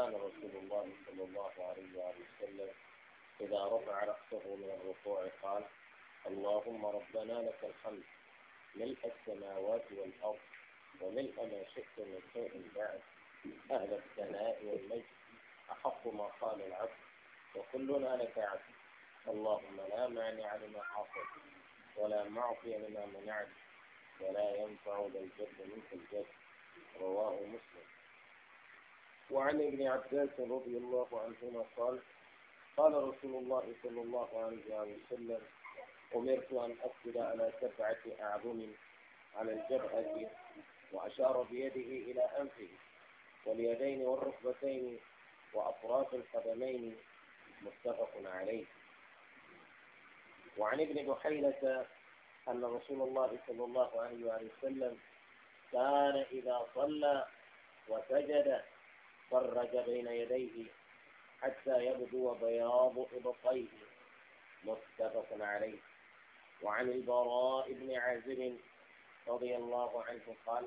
كان رسول الله صلى الله عليه وآله وسلم إذا رفع رأسه من الركوع قال اللهم ربنا لك الحمد ملء السماوات والأرض وملء ما شئت من شيء بعد أهل الثناء والمجد أحق ما قال العبد وكلنا لك عبد اللهم لا مانع لما حصل ولا معطي لما منعت ولا ينفع ذا الجد منك الجد رواه مسلم وعن ابن عباس رضي الله عنهما قال قال رسول الله صلى الله عليه وسلم أمرت أن أقبل على سبعة أعظم على الجبهة وأشار بيده إلى أنفه واليدين والركبتين وأطراف القدمين متفق عليه وعن ابن بحيلة أن رسول الله صلى الله عليه وسلم كان إذا صلى وسجد فرج بين يديه حتى يبدو بياض إبطيه متفق عليه وعن البراء بن عازب رضي الله عنه قال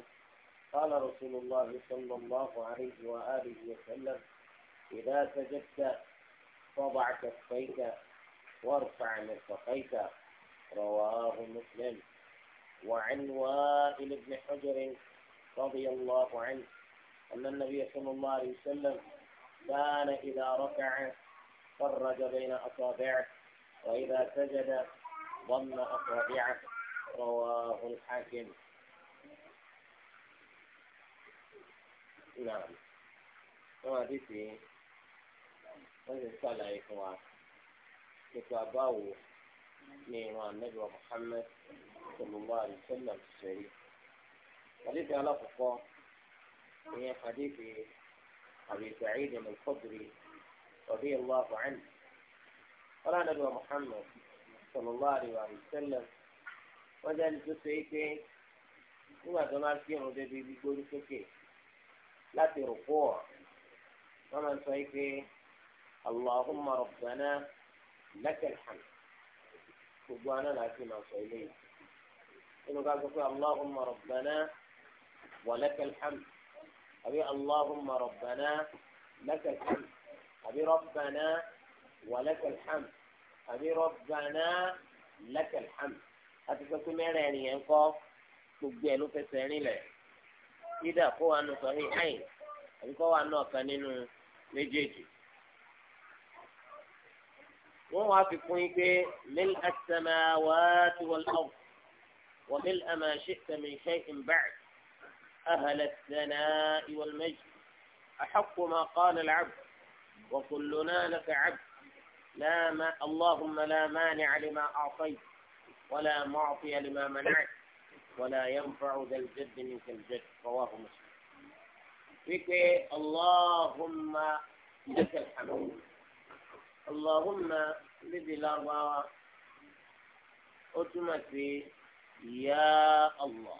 قال رسول الله صلى الله عليه وآله وسلم إذا سجدت فضع كفيك وارفع مرفقيك رواه مسلم وعن وائل بن حجر رضي الله عنه أن النبي صلى الله عليه وسلم كان إذا ركع فرج بين أصابعه وإذا سجد ضم أصابعه رواه الحاكم نعم وهذه وإذا صلى إخوة كتاباو من النبي محمد صلى الله عليه وسلم الشريف وليس على فقه في حديث أبي سعيد الخدري رضي الله عنه قال نبي محمد صلى الله عليه وسلم وذل تسعيته وما دمار في عدد بيقول سكي لا ترقوع ومن سعيته اللهم ربنا لك الحمد سبحان الله كما صليت إنه قال اللهم ربنا ولك الحمد أبي اللهم ربنا لك الحمد أبي ربنا ولك الحمد أبي ربنا لك الحمد أتفكر ميرين ينقف تبدأ في سنين يعني لك إذا قوة نصحي حين أبي قوة نصحي méjèèjì wọn wá fi kún yín pé mil asama wàá tiwọl ọf wà mil أهل الثناء والمجد أحق ما قال العبد وكلنا لك عبد لا ما اللهم لا مانع لما أعطيت ولا معطي لما منعت ولا ينفع ذا الجد منك الجد رواه مسلم فيك اللهم لك الحمد اللهم لذي الأربعة أتمت يا الله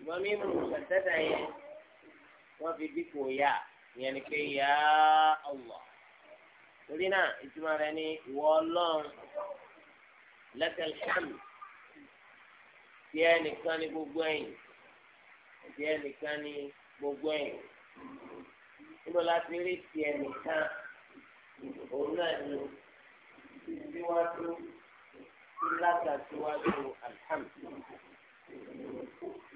ṣùgbọ́n mímu ṣàtẹ́tà yẹn wọ́n fi dípò yá ìyẹn ni pé yá Allah torí náà ìtumọ̀ rẹ̀ ni ìwọ ọlọ́run lakal hamd tí ẹnìkan ní gbogbo ẹ̀yìn tí ẹnìkan ní gbogbo ẹ̀yìn níbo láti rí tí ẹnìkan òun náà ní síwájú láti àtiwájú alhamdulilayi.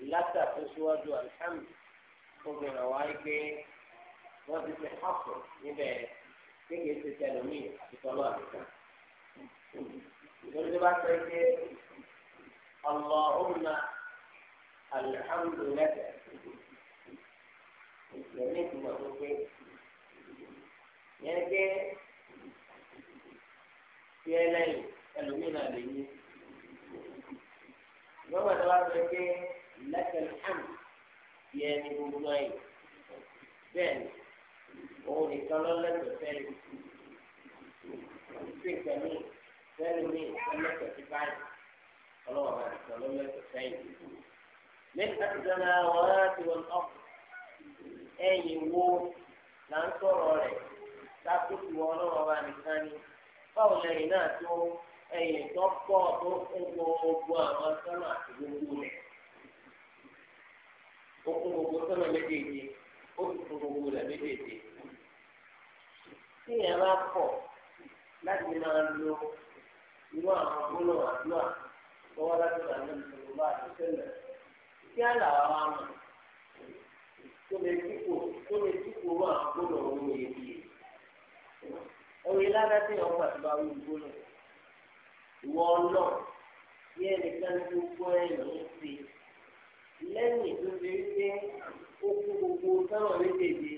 لتا تسواجو الحمد خذوا نوايك وفي تحصل إذا كي يستلمي بطلابك يقول لبعض اللهم الحمد لك يعني كما قلت يعني كي يلي ألومينا بيه ìwọ́n wà tó wá sọ pé lẹ́kẹ̀lẹ́ hàn yẹ ni gbogbo ẹ̀ bẹ́ẹ̀ ni òun nìkan lọ́lẹ́gbẹ̀ẹ́ fẹ́ẹ́ ṣe ìgbẹ́mí fẹ́ẹ́ mi lọ́lẹ́gbẹ̀ẹ́ sí báyìí ọlọ́wọ́ bá nìkan lọ́lẹ́gbẹ̀ẹ́ fẹ́ẹ́ yìí. mẹ́ta ti dáná wọ́n á ti wọ́n ọ̀ ẹ̀yìn wo là ń sọ̀rọ̀ rẹ̀ lákòókò ọlọ́wọ́ bá nìkan ni báwo lẹ́yìn náà tó ẹ̀yìn tó pọ̀ tó kún gbogbo àwọn sọ́nà àti gbogbo rẹ̀. Ó kún gbogbo sọ́nà méjèèjì, ó sì kún gbogbo rẹ̀ méjèèjì. Tíyẹn bá pọ̀ láti máa lo irú àwọn gbólóhùn àdúrà lọ́wọ́ láti máa lo ìṣòro bá àtúnṣẹ́lẹ̀. Kí á là wá mọ̀ tó lè dípò tó lè dípò rú àwọn gbólóhùn òun yìí. Òye lára tí ọkọ̀ àti bá wí gbólóhùn ìwọ ọlọ bí ẹnìkan tó gbọ́ ẹ̀yìn ṣe lẹ́yìn tó ṣe wípé ó kú gbogbo sọ̀rọ̀ méjèèjì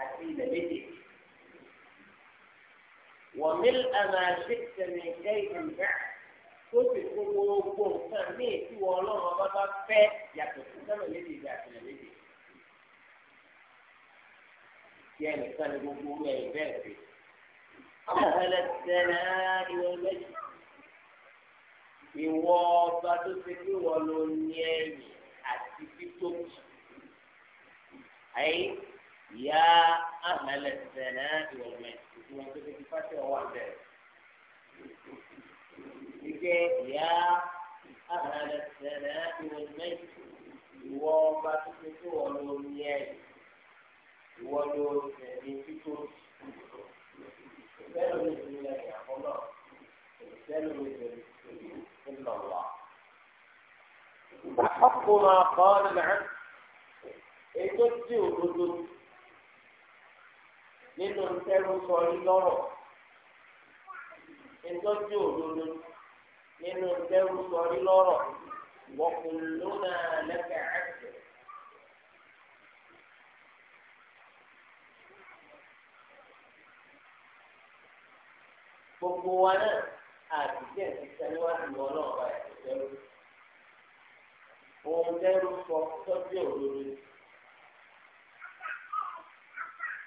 àti ilẹ̀ méjèèjì. وملء ما شئت من شيء بعد tó sì fún gbogbo nǹkan ní ìtúwọ ọlọ́run ọba bá fẹ́ yàtọ̀ sí sọ́nà lédè ìgbà àtìlẹ̀ lédè. Tí ẹnìkan ní gbogbo owó bẹ́ẹ̀ fi. Ọ̀hẹ́lẹ̀ tẹ̀lé ìwọ̀n méjì ìwọ ọba tó ṣe pé wọ́n ló ní ẹ̀yìn àti títóbi. Ayé ìyá àmàlẹ̀ sẹ̀nà ìwọ̀mẹ̀ ìtumọ̀ tó ṣe fipá tẹ̀ wà bẹ̀rẹ̀. Ìgbẹ́ ìyá àmàlẹ̀ sẹ̀nà ìwọ̀mẹ̀ ìwọ ọba tó ṣe pé wọ́n ló ní ẹ̀yìn ìwọ ló ní títóbi. Bẹ́ẹ̀ ló ní ìdílé ẹ̀yà fọlọ́. Bẹ́ẹ̀ ló ní ìdílé. إلا الله وحق ما قال العبد إذا تي وجود من تر صليلو إذا تي وجود من تر صليلو وكلنا لك عبد Gbogbo wa àtijọ́ ìṣiṣẹ́ níwájú wọn náà bá ìṣiṣẹ́ rú. Ohun tẹ́rù sọ tọ́jú òdodo.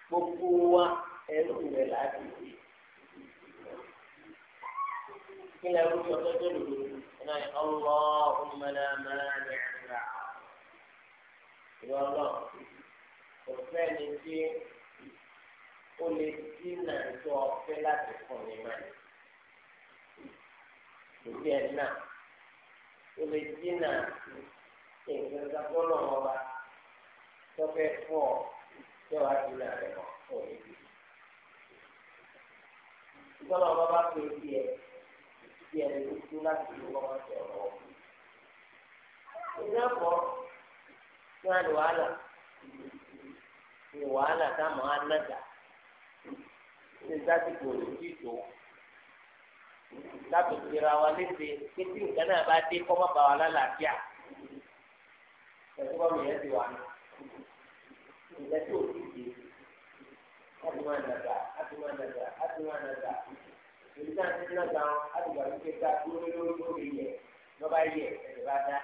Gbogbo wa ẹrú rẹ̀ láti ṣe. Kí ni ẹrú sọ tọ́jú òdodo? Iná ni Allahumma la mani'a lima ìwọ náà kò sẹ́ni tí ó lè dínà tó ọ̀fẹ́ láti fún mi mọ́ ìdí ẹ̀ náà tó lè dínà nǹkan sábọ́ lọ́wọ́ wa tó fẹ́ fọ́ ọ tó wàá dínà rẹ̀ mọ́ fún ìdí. ọba bá pè é bí ẹ bí lè tún láti ló wọ́n ṣe ọ̀rọ̀ wọn. ìdáàbọ̀ tí wọ́n á wàhálà ní wàhálà táwọn á nájà ní sásìkò rẹ̀ ti tó láti ìlera wa léṣe pé tí nǹkan náà bá dé kọ́ má bá wa lálàáfíà ẹ̀kọ́ mi yẹn ti wà ní ìlẹ̀ tí ò ti dé láti máa nàgbà láti máa nàgbà láti máa nàgbà èyí náà ti nàgbà wọn láti gbà wípé ká lórí lórí lórí yẹ lọ́ba yẹ ẹ̀rẹ̀ bá dá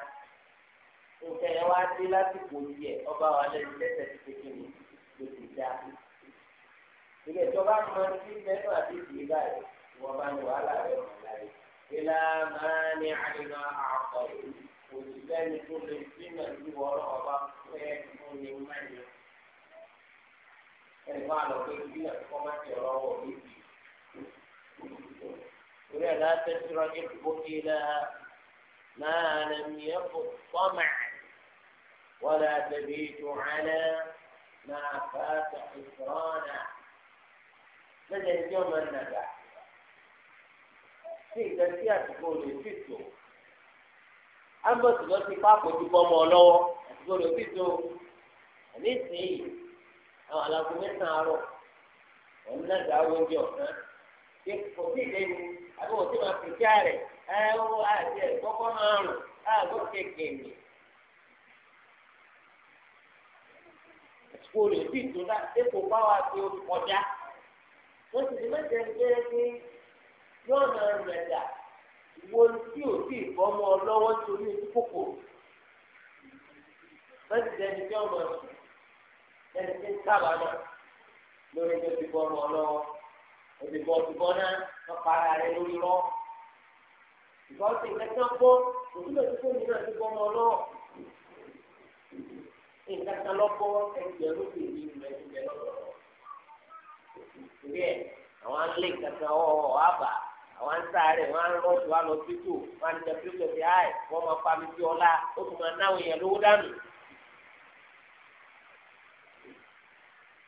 nǹkan yẹn wá dé lásìkò yẹ ọba wa lẹ́nu lẹ́sẹ̀ ti kékeré ló ti dá ilé máa ń fi mẹ́fà àti ìdílé báyìí. ومن ولا إليه إلى مانع ما نعم اعطيت وإذن كل سنة ورغبة ويكون من ولا لا تسرق الحبوب إلى ما لم يكن طمع ولا تبيت على ما فات حسرانا فجد يوم النجاح sí nǹkan tí àtìkò lè fi tò ambos lọ ti pa àpòjù bọmọ lọ́wọ́ àtìkò lè fi tò àní sìn àwọn alágbó mẹ́sàn án rọ òun náà dá oúnjẹ ọ̀sán ṣe kò sí ìdè mi àbí wọ́n ti máa fi kí àrẹ̀ ẹ ó àti ẹ̀ kọ́kọ́ máa rùn káàgó kéèké mi. àtìkò lè fi tò náà dépò báwa ti kọjá wọ́n ti mẹ́jẹ̀ ń gbé ẹgbẹ́ yóò nà rẹ̀ dà wo tí o sì fọmọ lọ́wọ́ torí ojú kòkò lọ́sì dẹni tí ọmọ ẹni tí ń sábà náà lórí tó ti bọ́ ọmọ lọ́wọ́ òdìbò òdìbò náà wọ́n para rẹ̀ lórí lọ́ ìbọn ti kẹta gbọ́ òtún lè tó mi náà ti bọ́ ọmọ lọ́wọ́ ìkẹta lọ́gbọ́ ẹgbẹ̀rún kejì rẹ̀ ti bẹ̀ lọ́wọ́ ìbí ẹ̀ àwọn alẹ́ ìkẹta ọ̀ọ́ àbà àwọn ń sáré wọn á rọ́ọ̀tù wa lọ sí tù wọn á ní tẹ̀síwìtì ọ̀sẹ̀ àì wọ́n máa fa mi sí ọlá ó tún máa náwó yẹn lówó dànù.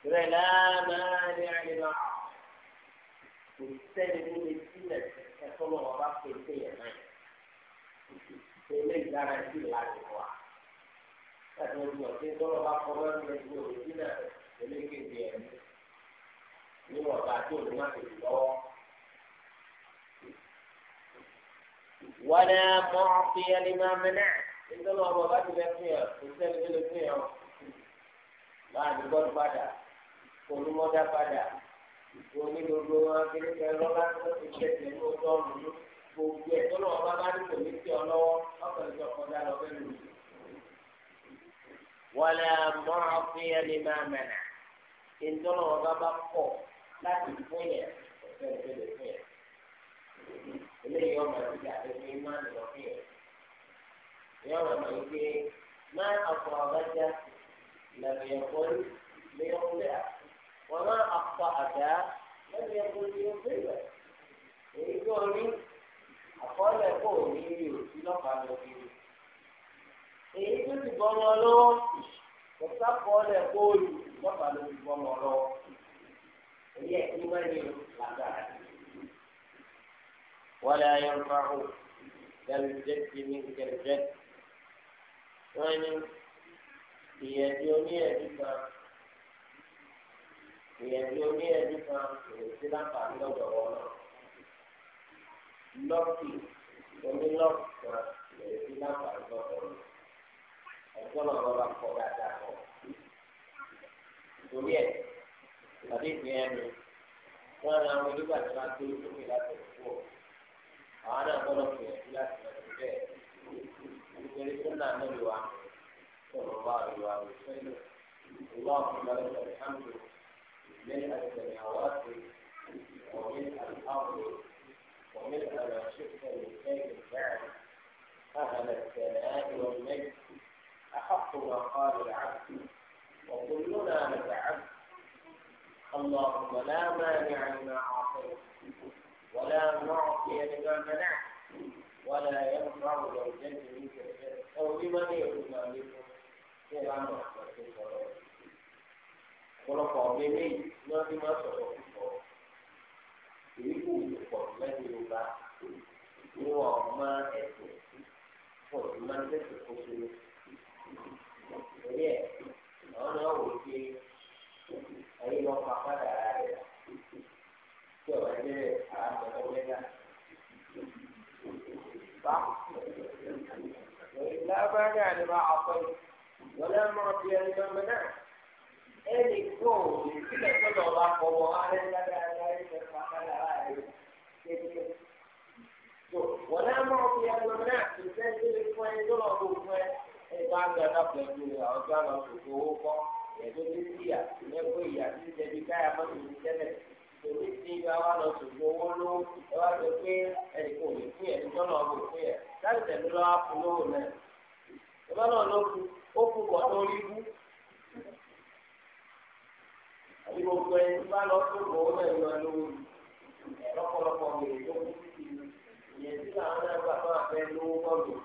ìrẹ̀lẹ̀ máa ní àyè náà kò sẹ́ni ní ilé sílẹ̀ ẹ̀fọ́ lọ́wọ́ bá pè é yẹn náà ilé ìdára sí ìlànà wa láti wọ́n ti ọ̀sẹ̀ tó lọ́wọ́ bá kọ́ lọ́wọ́ ní ìlú òwe sílẹ̀ ilé kéde ní ìwọ̀nba tó lọ́wọ́. ولا معطي لما منعت إذا الله ما بعد بيتنا وسلم بيتنا ما نقول بعدا كل مدة بعدا omi gbogbo wọn kiri kẹrọ bá tó ti ṣe ti ní ojú ọrùn ní gbogbo ẹ tó lọ bá bá ní tòmí tí ọ lọ́wọ́ ọkùnrin tó kọjá lọ bẹ́ẹ̀ lù. wọlé mọ ọfíà ní máa mẹnà ìtọ́nà ọba bá pọ̀ láti fún yẹn ọ̀sẹ̀ ìpele fún eléyìí ọmọ ẹbí ti àtẹ̀wé má ní ọ̀fìn rẹ̀. ìyá ọ̀rọ̀ mi gbé má àpò àbájá ìlànà ẹ̀kọ́ lé ọ̀lẹ́ à. wọ́n má àpò àdá lẹ́nu ẹ̀kọ́ lé ọ̀fìn rẹ̀. èyí tó rí àkọọ́lẹ̀ kò ní rí òsì lọ́pàá lọ sí i. èyí tó ti bọ́ ọmọ ولا ينفع كالجد منك الجد وإن يديوني أدفع يديوني أدفع ويسلا فعلا دوانا لوكي ومن لوكي ويسلا فعلا دوانا أكون أولا فوقا دعوة torí ẹ̀ tàbí ìgbìyànjú wọn làwọn onígbàtí wọn á gbé àwọn náà tọ́lọ̀ pé ẹ̀sìn láti lọ sí bẹ́ẹ̀ nítorí tó níbi wa sọ̀rọ̀ wá ìwà òṣèlú ìwà òṣèlú ìwà òṣèlú من السماوات ومن الأرض ومن ما شئت من شيء بعد أهل الثناء والمجد أحق ما قال العبد وكلنا لك عبد اللهم لا مانع لما أعطيت ولا معطي لما منعت ولا ينفع لو جد منك الخير بمن يكون عليكم خير عما ọ̀pọ̀lọpọ̀ ọ̀gbẹ́ méjì ni wọ́n fi máa sọ̀rọ̀ púpọ̀ èyí kò wù pọ̀ lẹ́nu yorùbá ni wọ́n máa ẹ̀sìn pọ̀ sí máa ń kó ṣe ní. torí àwọn náà wò pé ẹ̀yin lọ́ọ́ pa padà rẹ̀ tí ọ̀rọ̀ ẹgbẹ́ rẹ̀. صح؟ لا مانع لما أعطيت ولا معطي لما منعت ẹnì kó ìdílé tọ́lọ̀ wa fọwọ́ alẹ́ lábẹ́ adarí ní pàtàkì àárẹ̀ kékeré. wọ́n náà mọ̀ fi ẹgbẹ́ náà ti sẹ́ńtì lè fún ẹni tó lọ́ọ́ fún ẹ ẹgbẹ́ agbada pẹ̀lú ọjọ́ àlọ́ fòfò owó kọ́ ẹ̀dọ́ tó ti yà ẹ̀kọ́ ìyà tí ń jẹbi káyà mọ́tò ní tẹ́lẹ̀ èmi tí a wa lọ owó ló ẹ wá sọ pé ẹnìkan ò lè fún náà fún láti tẹ̀lé lówó náà ìgbà náà ló fún ó fún bọ̀ tó rí bú lọ sògbó owó náà lọ lówó lọ́pọ̀lọpọ̀ gbèrè tó kú sí ìyẹn tí àwọn náà gbà fún lówó bọ́ọ̀lù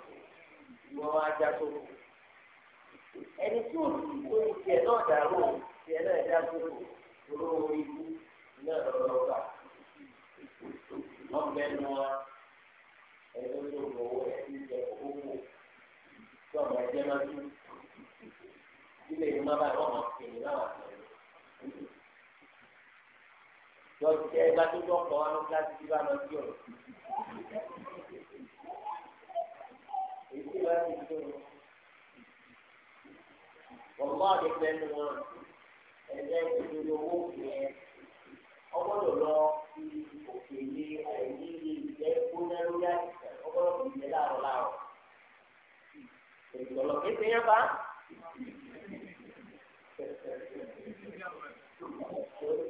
já tó ní ọ̀dọ́dọ́gba wọ́n bẹ́ẹ̀ wa ẹ̀rọ tó lò wọ́ ẹ̀sìn ìjẹ owó tí ọmọ ẹ̀jẹ̀ máa dún ilé ìlú máa báyìí wọ́n máa náà wà lẹ́yìn. lọ́sẹ̀ ẹ̀ bá tó tó ọkọ̀ wa ló kíláàsì tí bá lọ sí ọ̀rọ̀. èyí tí wàá ti lọ. wọ́n bá ọ̀dẹ̀ pẹ́ nu wọn ẹ̀jẹ̀ ìdúró owó kìí ọgbọ́dọ̀ lọ sí òkè ní àìní ilé ìjẹ́ gbóná lórí àìsàn ọgbọ́dọ̀ kò jẹ́ láàrọ̀ láàrọ̀. ìgbọ̀lọ̀ kéde yẹn bá.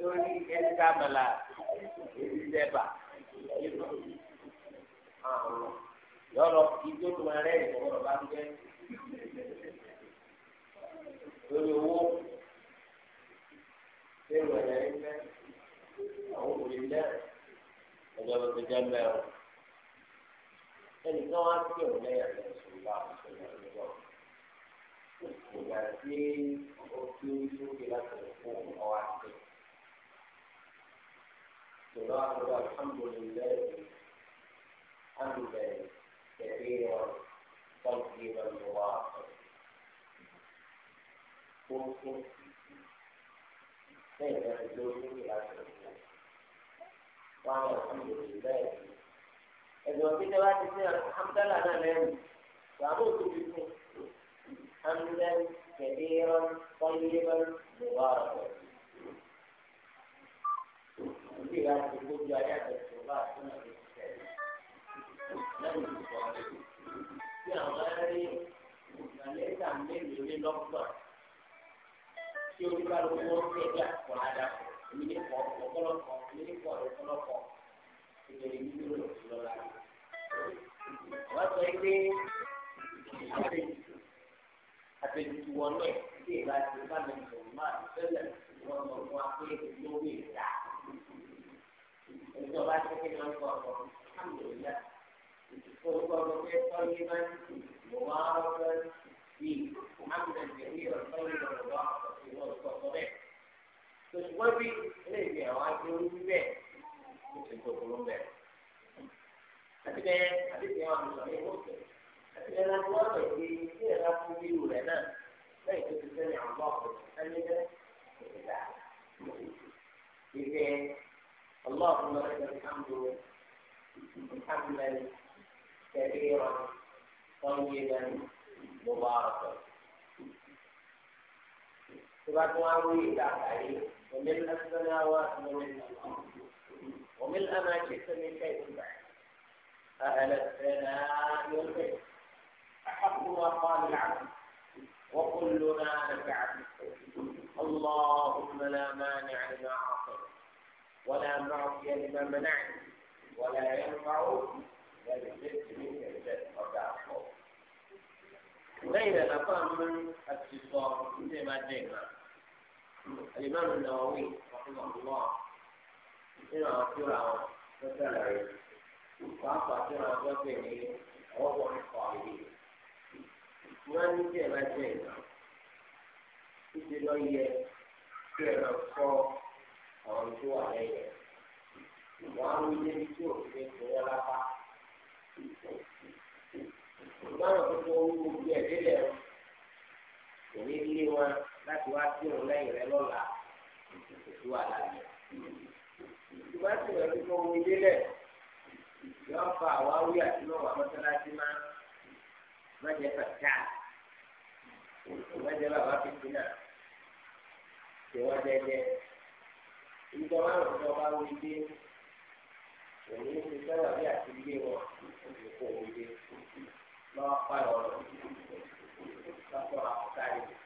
lórí ẹni tá a èyí jẹ́ bà yọ̀rọ̀ ìjó tó máa rẹ̀ ìgbọ̀lọ̀ bá ń jẹ́ lórí owó. Thank you. And and there was a náà ẹjọ́ ló ti jẹ́ mẹ́rin ẹnìkan wá sí òun lẹ́yìn àti ẹ̀sùn bá ọ̀sẹ̀ náà the ìgbà tí ó fi lókè láti fún ọwọ́ àti ìṣòro àgbẹ̀wò alhamdulilayi alhamdulilayi tẹ̀lé wọn tọ́jú wọn lọ́wọ́ fún fún lẹ́yìn àti lókè láti fún. wọn ò fi lè rí bẹ́ẹ̀. ẹ̀dùn ọ̀gbìn tí wọ́n ti sí amúdálà náà lẹ́nu bàbá òkú ti fún amúdálà kẹ̀dé rán kọ́lé rán lọ́wọ́ àrùn. òbí rà ti gbójú ayé àgbẹ̀sọ̀ bá àtúnà lè tẹ̀lé lẹ́nu ìfọ̀ tí àwọn ẹ̀rí ìgbàlẹ́ta mélòó ní lọ́gbọ̀n tí oníkàlùkù wọn kẹjá kọ́ adàpọ̀ èmi ọ̀pọ̀lọpọ̀ èmi ọ̀pọ̀lọpọ̀ ìbẹ̀rẹ̀ ní ìlú ìlọ́la. wọ́n sọ pé àtẹ̀jù wọnú ẹ̀ sí ìlà tí bá mi máa tẹ́lẹ̀ wọ́n sọ fún wa pé lórí ìta. ìjọba ti kí ni wọ́n sọ ọ̀rọ̀ alhamdulilá. Orúkọ ọ̀rọ̀ pé tọ́lé máa ń tì wọ́n á rọ́ọ̀rọ̀ bíi àmì nàìjíríà tọ́lé lọ́rọ̀ wá ọ̀sẹ̀ wọ́n sọ sọ bẹ́ẹ̀ ṣùgbọ́n bí ilé ìgbé àwọn adé orí bẹ́ẹ̀ ó ti tó kúrò bẹ́ẹ̀. àti bẹ́ẹ̀ àti bẹ́ẹ̀ wọn lọ ní ìwòsàn àti bẹ́ẹ̀ láti wọ́n lọ sí ilé ẹ̀rọ fún bírù rẹ̀ náà lẹ́yìn tó ti sẹ́yìn àwọn ọ̀pọ̀ ẹni bẹ́ẹ̀ kò ti dà. ìgbẹ́ ọlọ́ọ̀fun lọ sí ìkàndó ìkàndó lẹ́nu kẹ̀kẹ́ rọ̀ tọ́yé lẹ́nu mo bá rọ̀ تبعتواوي تعالي وملء السماوات وملء الأرض وملء ما شئت من شيء بعد أهل الثناء والبيت أحق ما قال العبد وكلنا نفع اللهم لا مانع لما أعطيت ولا معصي لما منعت ولا ينفع ذلك منك الجد غير الأقام من اتصال زي ما دينا الإمام النووي رحمه الله هنا أقول مثلا وأقع كما قلتني وضع الصالحين وأن كما شيء تجري كما صار أو شو عليه وأن يجري كما لا ìgbọ́dọ̀ tó tó owó gbogbo ẹ̀ délẹ̀ o kò ní lé wọn láti wá sí òun lẹ́yìn rẹ lọ́la ètò àlàyé. ìgbà tí wọ́n ti fún omi délẹ̀ yọ fa àwáwí àti mọ̀wá mọ́sálásí má má jẹ́ fàtà má jẹ́ bàbá fífi náà ṣe wọ́n dẹ́dẹ́. ìjọ máa ń sọ bá wí dé òní ti sọ́wọ́ bí àti ilé wọn òní kò wí dé pa ọ̀rọ̀ lọ́kọ̀ọ́ àkọ́kọ́ rẹ̀.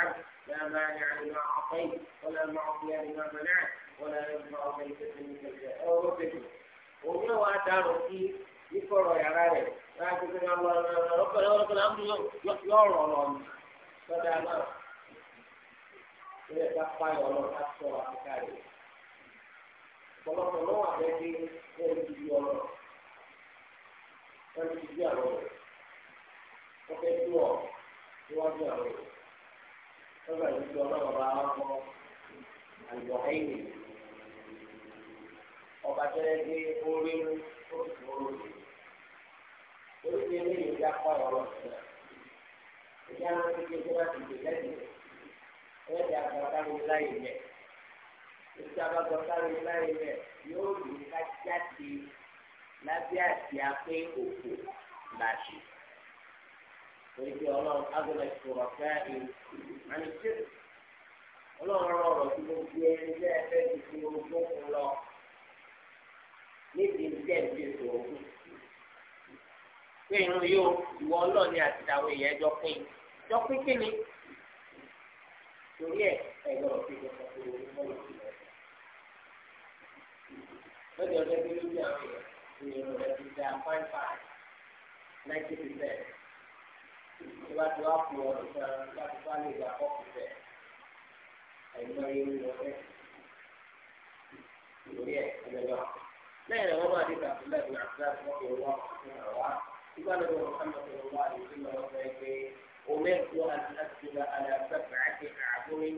maybe أغنى الشركاء عن الشرك ọlọ́run rọ ọ̀rọ̀ tí mo fi ẹni jẹ́ ẹgbẹ́ ti fi ogún fún lọ níbi ìjẹ́ ìdí ìṣòro fún pé irun yóò ìwọ ọlọ́ọ̀ni àti àwọn èèyàn jọ pín jọ pín kí ni torí ẹ ẹgbẹ́ òfin jọ sọ pé òun mọ̀ lọ́sí rẹ̀ lọ́jọ́ ọjọ́ bí lójú àwọn èèyàn ìrìn rẹ̀ ti da five five ninety percent tí wá ti wá fún ọ nìkan láti bá lè gbà kọ́kù fẹ́ àìmọ irú wọn fẹ́ lórí ẹ̀ ẹ̀lẹ́dọ̀. lẹ́yìn rẹ̀ wọ́n máa di tàbí lẹ́yìn àti láti wọ́n fi wọ́n fún ọ̀rọ̀ wa nígbà lọ́wọ́ wọn kàn lọ́wọ́ wọn wá lè fi lọ́wọ́ fẹ́ pé omẹ́kù àti láti gba alàgbàgbà àti àbúrí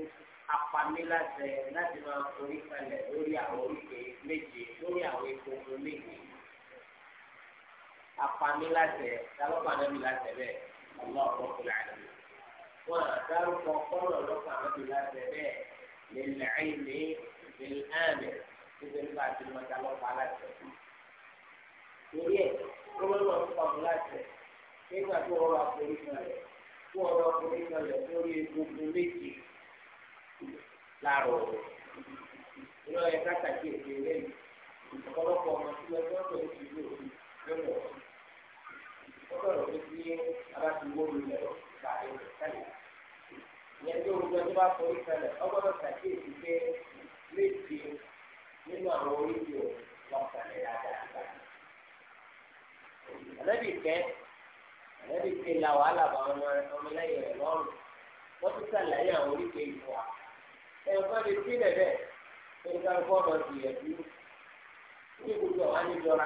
apamiláṣẹ láti máa forí kalẹ̀ lórí àwọn oríṣi méje lórí àwọn epo méje apamiláṣẹ tábàpàdánù láṣẹ bẹ́ẹ̀ ọlọ́run kò láàyè wọn àdárúkọ kọ́lọ̀ lọ́kàn àti láti bẹ́ẹ̀ lẹ́lẹ́ àìní lẹ́lẹ́ àmì títí nípa àti mọ́tà lọ́kàn aláṣẹ. torí ẹ̀ lọ́wọ́ lọ́wọ́ tó kọ́ láṣẹ nígbà tó rọra forí kalẹ̀ tó rọra forí kalẹ̀ lórí gbogbo méjì láàrọ̀ rẹ̀. ìlọ ẹ̀ká kàkiri lẹ́yìn ọ̀pọ̀lọpọ̀ ọmọ tí wọ́n tó ń pè é sọ̀rọ̀ pé kí aláàbíwó mi lọ sàárè sẹ́lẹ̀. ìyẹn tí olùkọ́ tó bá forí sẹ́lẹ̀ ọgbọ́dọ̀ ṣàkíyèsí pé méje nínú àwọn oríṣi ò lọ sàlẹ̀ dáadáa. àlẹ́bí kẹ́ àlẹ́bí kẹ́ la wàhálà bá ọmọ ọmọlẹ́yìn rẹ̀ lọ́rùn wọ́n ti sàlàyé àwọn oríṣi ìfọ̀ wa. ẹ̀fọ́ lè sílẹ̀ bẹ́ẹ̀ tó ń sáré fọ́ọ̀mù ọ̀sìn yẹn dúró. ní gbogbo àwọn àníjọra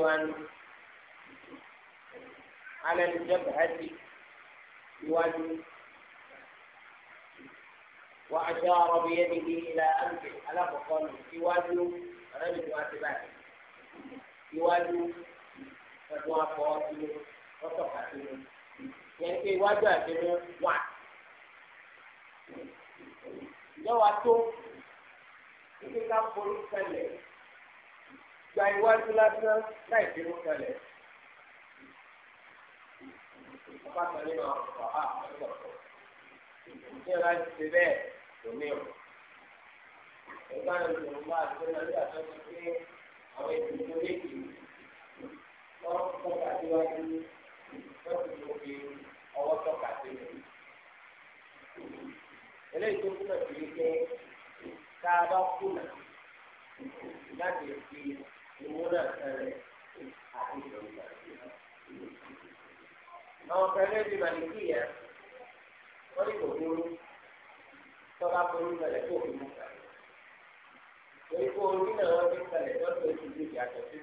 wọn على الجبهة وال وأشار بيده إلى أنفه على فقال يوازي رمي واجباته يوازي فتوى فواصله وصفحته يعني في واجباته واحد لو lọ́wọ́ tó kíkà polú kalẹ̀ gba iwájú lásán láì dínú kalẹ̀. ọba kan nínú ọkọ ha ọkọ ní ọba ti ṣe bẹ́ẹ̀ kò ní o ẹgbẹ́ àwọn ènìyàn máa ṣe ní ọdún àti ọdún pé àwọn ènìyàn tó lè kì í wọn tọ́ka síwájú wọn ti tó fi ọwọ́ tọ́ka sí mi eléyìí tó kúnà sí i pé tá a bá kùnà láti fi ìmúnà sẹlẹ. àwọn kẹlẹ́ ti bàlẹ̀ kí yẹ wọ́n ní kò burú tọ́lá burú bẹ̀rẹ̀ kó fi mú kàlẹ́ èyí kó orí náà wọ́n ti kàlẹ́ tó tó ti di ìyàtọ̀ sí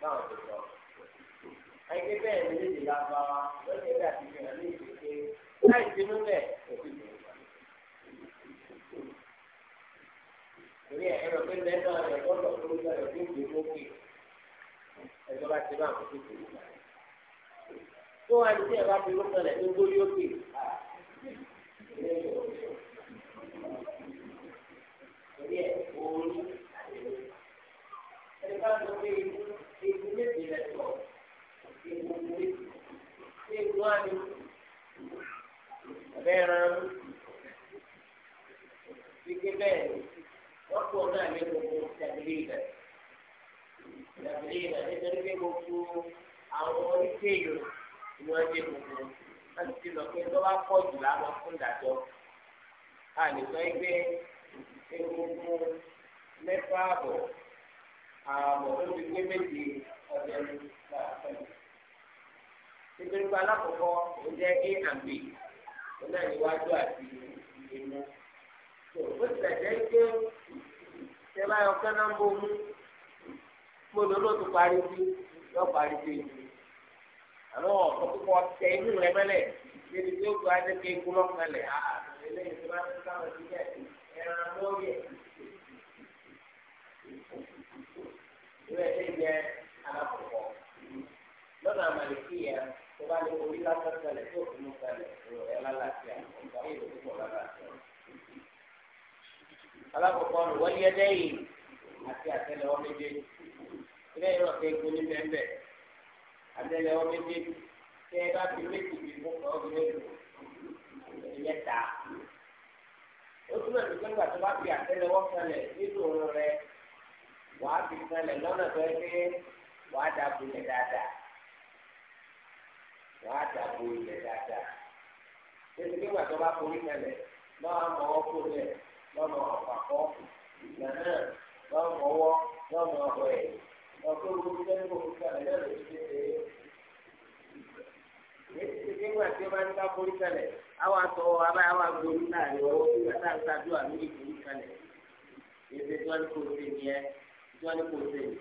báwọn ti sọ. àyíké bẹ́ẹ̀ ni léde lágbára lọ́sẹ̀ bí àti ìfihàn ní ìdíje láì sínú bẹ́ẹ̀ kò fi mú kàlẹ́. torí ẹ̀ ẹ̀rọ pé lẹ́nu àrẹ̀ gbọ́dọ̀ burú bẹ̀rẹ̀ kó fi mú kì ẹ̀jọba ti bá àwọn tó fi mú tó wá ní tí ẹ bá fi ló sọlẹ̀ ní gbórí òkè. Orí ẹ̀ orí ẹni bá sọ pé ikú méjì rẹ̀ sọ ikú méjì ṣé ikú wá ní ọ̀bẹ ẹran gbígbé bẹ́ẹ̀ wọ́n pọ̀ náà ní gbogbo ìtàgé rẹ̀ ìtàgé rẹ̀ nítorí pé gbogbo àwọn ìlú ẹgbẹ́ gbogbo láti fi lọ pé tó bá pọ̀ jù lánàá fún ìdájọ́ a lè sọ pé egungun mẹ́fà àbọ̀ àbọ̀ tó ti gbé méje ọ̀dẹ̀ ní ìgbàlódé. Ìgbèrúgbà alákọ̀ọ́kọ́ ó jẹ́ A and B, ó náà níwájú àti ìgbìmọ̀. Ó ti tẹ̀jẹ́ pé ṣẹlá ọ̀kan náà ń bomú, mo lò parí sí, yọ parí sí ìlú àmọ́ ọkọ púpọ̀ tẹ inú rẹ mẹlẹ níbi tí ó gba ẹni pé ikú lọkànlẹ àà eléyìí tó bá ti sáwọn sílẹ̀ ẹran lórí ẹ ìwé ẹsẹ jẹ alákọọkọ lọ́nà àmàlẹkì yẹ tó bá lè orí lásán kalẹ̀ tó fi mú kalẹ̀ ẹ lálàáfíà ọgbà yìí ló pọ̀ lálàáfíà alákọọkọ ni wọ́n yẹ dẹ́yìn àti àtẹlẹwọ́ méjèèjì ilé ìrọ̀kẹ́ ikú ní bẹ́ẹ̀ bẹ́ẹ̀ àtẹlẹ wọn méjèèjì tẹ ẹ bá fi méjì bí fún ọdún mélòó ẹyẹ ta ó túnbọ̀ tó gbẹ́ngbà tó bá fi àtẹlẹ wọn kalẹ̀ nínú òun rẹ wàá fi kalẹ̀ lọ́nà tó ẹ pé wàá dàbò ilẹ̀ dáadáa wàá dàbò ilẹ̀ dáadáa tẹ̀sí gbẹ́ngbà tó bá forí kalẹ̀ lọ́wọ́ àmọ́ ọkọ̀ rẹ̀ lọ́nà ọ̀pàkọ́ ìgbà náà lọ́wọ́ ọwọ́ lọ́nà ọ̀rọ̀ ẹ̀ lọ́kọ́ orúkọ tẹ́lifù kúkà lẹ́yìn lóṣù tẹ́lẹ̀ pé nígbà tí ó bá ní ká forí kalẹ̀ àwọn àtọ̀ abáyá wà gbórí náà ní ọwọ́ nígbà tá à ń ṣáájú àmì ìforí kalẹ̀ èdè tí wọ́n ní kò ṣe nìyẹn tí wọ́n ní kò ṣe nìyẹn.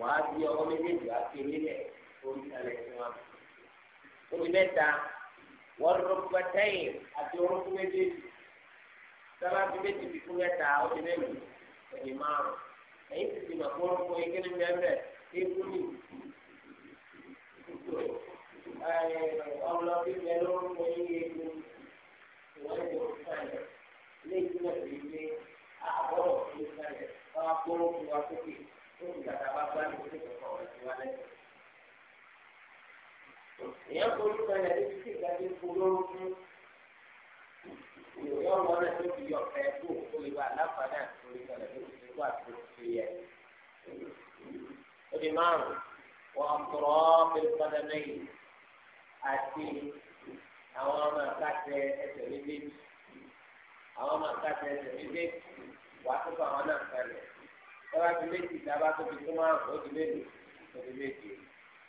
wàá di ọwọ́ méjèèjì wá ké nílẹ̀ forí kalẹ̀ tí wọ́n mú. omi mẹ́ta wọ́n rọ́pò bàtẹ́yìn àti orúkú méjèèjì sábà fi méjì kú mẹ́ta omi mẹ́lì ẹ̀yìn márùn-ún ẹ̀yìn sì ti mọ̀ fún orúkú ọ̀rọ̀ bíbẹ ló ń mú iye ju ìwọ́de òṣìṣẹ́ lè túnbọ̀ sí ilé àbọ̀rọ̀ òṣìṣẹ́ wọn kó fún wa sókè tó fi gàdá bá gbá ní oṣù tó kọ̀ sí wa lẹ́sẹ̀. èèyàn kò ní sọ̀rọ̀ ẹ̀dí títí ìgbà tí kú lóró fún ìròyìn ọmọ náà tó fi yọ ẹ̀ kó kó lè wà láǹfààní àti orí kan lẹ́yìn òṣìṣẹ́ wà tó fi yẹ. ó di márùn-ún wọ́n kọ̀rọ̀ ọ́ àti àwọn ọmọ àkàtẹ ẹsẹ̀ méjèèjì àwọn ọmọ àkàtẹ ẹsẹ̀ méjèèjì wà á tókọ àwọn náà kalẹ̀ tọ́lá ti méjì dábàá tó fi tó máa ń lòdì méjì lòdì méjì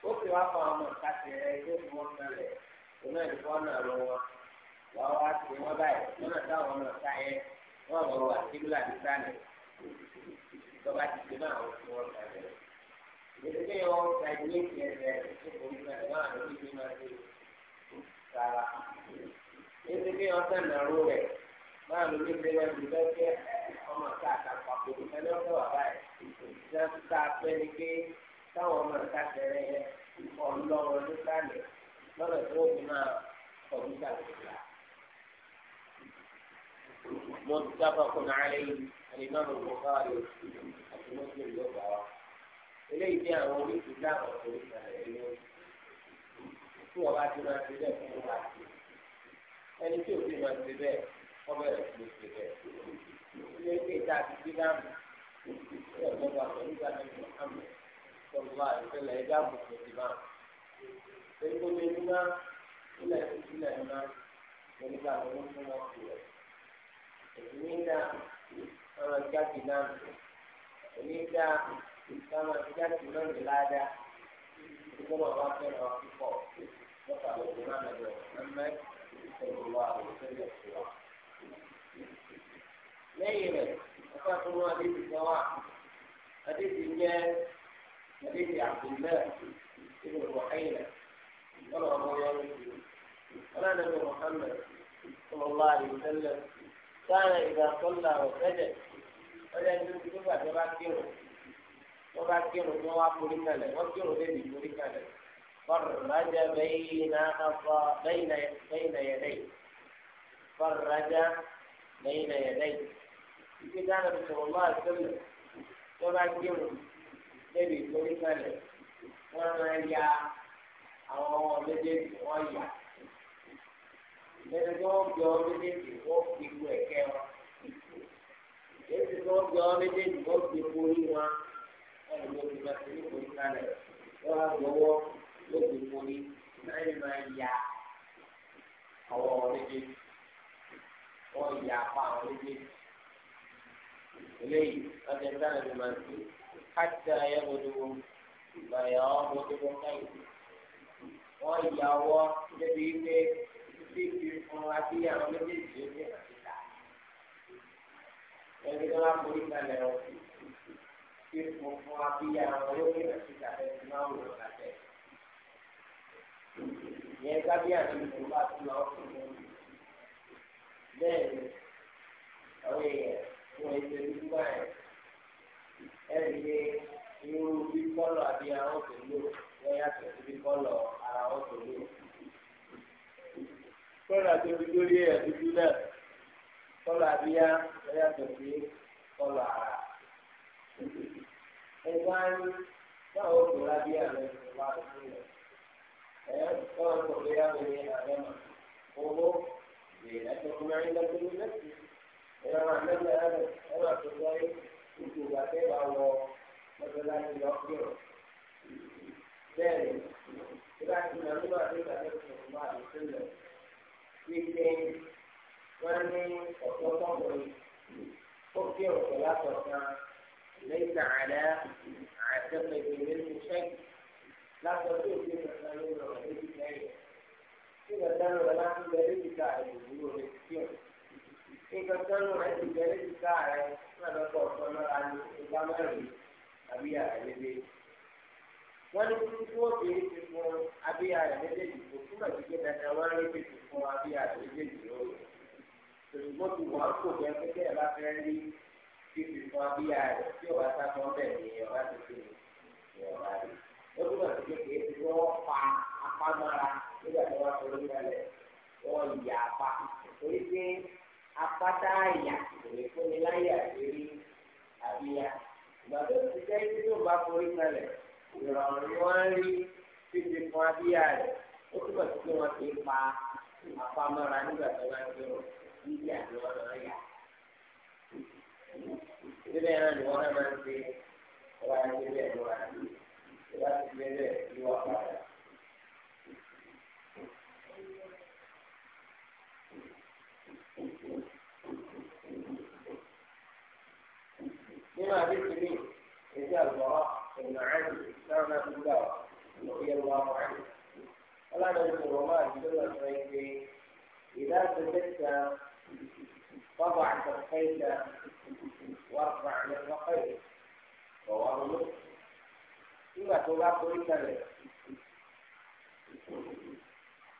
ó sì wá fún àwọn ọmọ àkàtẹ ẹgbẹ́ tí wọ́n kalẹ̀ òun náà nìkan náà lọ wọn wà á wá sí wọn báyìí wọn náà táwọn ọmọ àkà yẹn wọn lọ wà síbílà ní sálẹ̀ tọ́ba ti ṣe náà wọ́n ti ìdílé yọ ṣàgbéyèsí ẹ̀rẹ̀ ìṣèkòmíkà náà ló ní bí máa ṣe sára ìdílé yọ sànàró rẹ̀ náà ló ní bí máa ṣe lọ́jẹ́ ọmọ káàkà pàpọ̀ ẹni ọ̀sẹ̀ wà báyìí ìṣẹ́ ta pẹ́ ni pé táwọn ọmọ ìta tẹ̀lé yẹ ọlọ́run ní sálẹ̀ lọ́nà tó fi máa kọ̀míkà lọ́la. متفق عليه الإمام البخاري في مسلم يقرأ eléyìí ní àwọn oríṣi dáhùn orí ìsàlẹ̀ ilé tí wọ́n ti bẹ́ẹ̀ fún wa sí ẹni tí òbí máa ṣe bẹ́ẹ̀ wọ́n bẹ̀rẹ̀ sí ṣe bẹ́ẹ̀ ilé ìgbé ìta àti dídámù ní ọ̀gbọ́n wa pẹ̀lú ìgbàlẹ̀ ìgbàlẹ̀ ìgbàlẹ̀ àìsílẹ̀ ẹ̀dá àbùkù ti bá ẹni tó lé ní máa ilẹ̀ ìsílẹ̀ ní máa nígbà tó ń fún wọn sí rẹ̀ èyí ní dá ọ̀rọ̀ ìjáde náà èyí dá káwọn ẹgbẹ́ ti lónìí ládàá ìgbọ́dọ̀ wá fẹ́ràn wọn púpọ̀ lọ́kà lọ́dún náà lọ́dọ̀ ẹ̀mẹ́ ìṣòro àwọn òṣèlú ẹ̀sìn wa. lẹ́yìn rẹ̀ ọ̀pá tó mú adébí kan wà adébí jẹ́ adébí àbúlẹ̀ ìlú wàhálà wọn lọ mọ yọrọ ìlú ọlọ́dún muhammed صلى الله عليه وسلم كان إذا صلى وسجد ولم يكن بعد ما كبر wọ́n bá kírun ní wọ́n á forí kalẹ̀ wọ́n kírun lébi forí kalẹ̀ fọ́nrẹ́jà lẹ́yìn ẹ̀dẹ́yìn fọ́nrẹ́jà lẹ́yìn ẹ̀dẹ́yìn ibi dáná ti sọ̀rọ̀ lọ́wọ́ àtẹ́lẹ̀ wọ́n bá kírun lébi forí kalẹ̀ wọ́n máa ya àwọn ọmọ méjèèjì wọ́n yà lẹ́nu tí wọ́n gbé ọ méjèèjì wọ́n fi gbọ́ ẹ̀kẹ́ wọn èsì tí wọ́n gbé ọ méjèèjì wọ́n fi gbórí wọn ẹni ló fi máa ti ní kò ní kalẹ̀ wọ́n á lọ́wọ́ ló fi mú ní náà ní máa ya àwọn ọ̀rẹ́dẹ́ wọ́n ya apá àwọn ọ̀rẹ́dẹ́ eléyìí ọjà ìdáná ni màá ti kájà ayélujára ìgbàyà ọmọdé wọn káyìí wọ́n ya ọwọ́ débi ilé fífi fún àti àwọn méjèèjì ó ní àtìkà ẹni tó bá forí kalẹ̀ ọ̀sìn tí mo fún wa bí àwọn olókè náà ti tàbí ti máa ń wò lábẹ́. Ìyẹn sábẹ́ àdúgbò bá tún lọ fún mi. Bẹ́ẹ̀ ni, àwọn èèyàn tí wọ́n ṣe ní Dúbà yẹn, ẹ̀rí pé irú bí kọ́lọ̀ àbí àwọn òṣèlú wọ́n yàtọ̀ sí bí kọ́lọ̀ ara wọn tó lò. Kọ́lọ̀ àti orí ẹ̀ dúdú náà, kọ́lọ̀ àbíyá wọ́n yàtọ̀ sí kọ́lọ̀ ara ẹ̀ka ni báwo kò rà bí àlẹ́ ìwà àti rẹ̀ ẹ̀ ọ́n kò rí àwọn ẹ̀yẹ àlẹ́ mà owó ìrìn àjọ kò máa ń lọ sí mẹ́sì ẹ̀rọ àmẹ́lẹ̀ rẹ̀ ẹ̀rọ àtúntò ayé ìtò ìgbàgbé wa wọ mọ́tòláṣí lọ́kìrọ̀ bẹ́ẹ̀ ni ìgbà tí màá nígbà tó ìgbàgbé kò máa lọ sí wọ́n ní ọ̀pọ̀ tọ́kùnrin ó kí ọ̀pọ̀ látọ̀ kan. ليس على عاتقه منه شيء لا تطيق في مسألة الرحيم شيء إذا كانوا لا تجاري بكاره يقولوا مسكين إذا كانوا لا تجاري بكاره ماذا تقول عن الإمام أبي علي wọ́n ní kí tí wọ́n fi ti fún abíyá rẹ̀ méjèèjì tó túmọ̀ sí pé dandan wọ́n rí ti fún abíyá rẹ̀ méjèèjì lórí. tòṣùgbọ́n ti wọ́n kò jẹ́ pé bẹ́ẹ̀ bá fẹ́ rí fífi fún abíyá rẹ̀ tí ò bá sáfọ́ bẹ́ẹ̀ ni ọba ti fi ní ọba rẹ̀. ó túbọ̀ sí pé kì í ti fọ́ pa apámọ́ra nígbà tí wọ́n forí kalẹ̀ wọ́n yà apá. torí pé apáta àyà kò lè fúnni láyà lérí abíyá. ìgbà tó ti jẹ́ kí tó bá forí kalẹ̀ ìrọ̀rùn ni wọ́n rí fífi fún abíyá rẹ̀ ó túbọ̀ sí pé wọ́n ti pa apámọ́ra nígbà tí wọ́n ti rọ̀ níbi àdúrà lọ́yà ilé náà ni wọ́n máa ń ṣe ọba ẹni bẹ́ẹ̀ ló wà ní ìwà ti gbé bẹ́ẹ̀ ló wà padà. nínú àdéhùn mi èdè àgbọ̀rọ̀ ìmọ̀ àìní náà náà ti gbà ló yẹ wà wáyé. ọlọ́run ti rọ̀ máa dúró lọ sọ pé ìdá àtẹ̀tẹ̀ kan wọ́n bọ̀ àtẹ̀tẹ̀ kan. وارفع من رقيك رواه مسلم nígbà tó bá forí kalẹ̀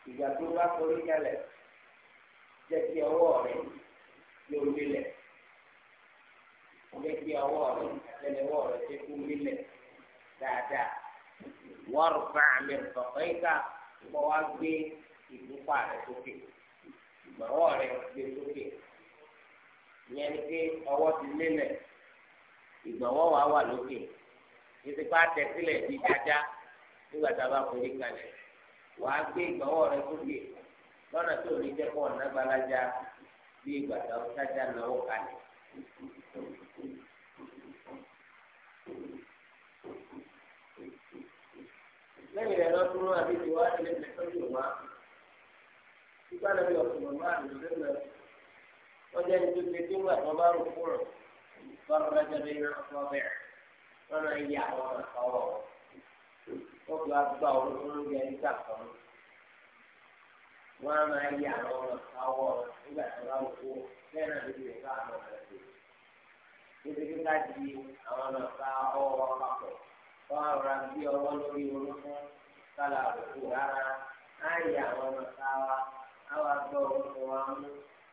ìgbà tó bá forí kalẹ̀ jẹ́ kí ọwọ́ rẹ̀ yóò lélẹ̀ jẹ́ kí ọwọ́ rẹ̀ àtẹlẹwọ́ rẹ̀ ṣe kú lélẹ̀ dáadáa wọ́ọ̀rù fáàmì ọ̀pọ̀ ìka kọ́ wá gbé ìfúnpá rẹ̀ sókè ìgbà ọwọ́ rẹ̀ gbé sókè ìyẹn ni pé ọwọ́ ti lélẹ̀ ìgbọ̀nwọ́ wa wà lókè títí pa tẹ̀sílẹ̀ di dáadáa nígbà tá a bá forí kalẹ̀ wàá gbé ìgbọ̀nwọ́ rẹ sókè lọ́nà tó ní jẹ́ kó ọ̀nà gbalaja bí ìgbà tá a sájà náwó kalẹ̀. lẹ́yìn rẹ̀ lọ́dún náà àbí ìwádìí lè tẹ̀síwájú wá. Ìgbà náà ọ̀sùn mọ̀ máa lò lẹ́nu ọjọ́ ní tó ṣe kéwà tó bá rò fún un lọ́rọ̀ lọ́jọ́ ní ọ̀sán bẹ̀rẹ̀ lọ́nà ìyá àwọn àkọ́wọ́ ó fi wá gbà ọ́ lóúnjẹ níta kan wọ́n á máa yà àwọn àkọ́wọ́ nígbà tó bá rò fún un bẹ́ẹ̀ náà ló lè àwọn ọ̀rẹ́ sí i títí ká di àwọn ọ̀sán ọwọ́ papọ̀ wọ́n á ra bí ọwọ́ lórí orúkún kálá àbùkù rárá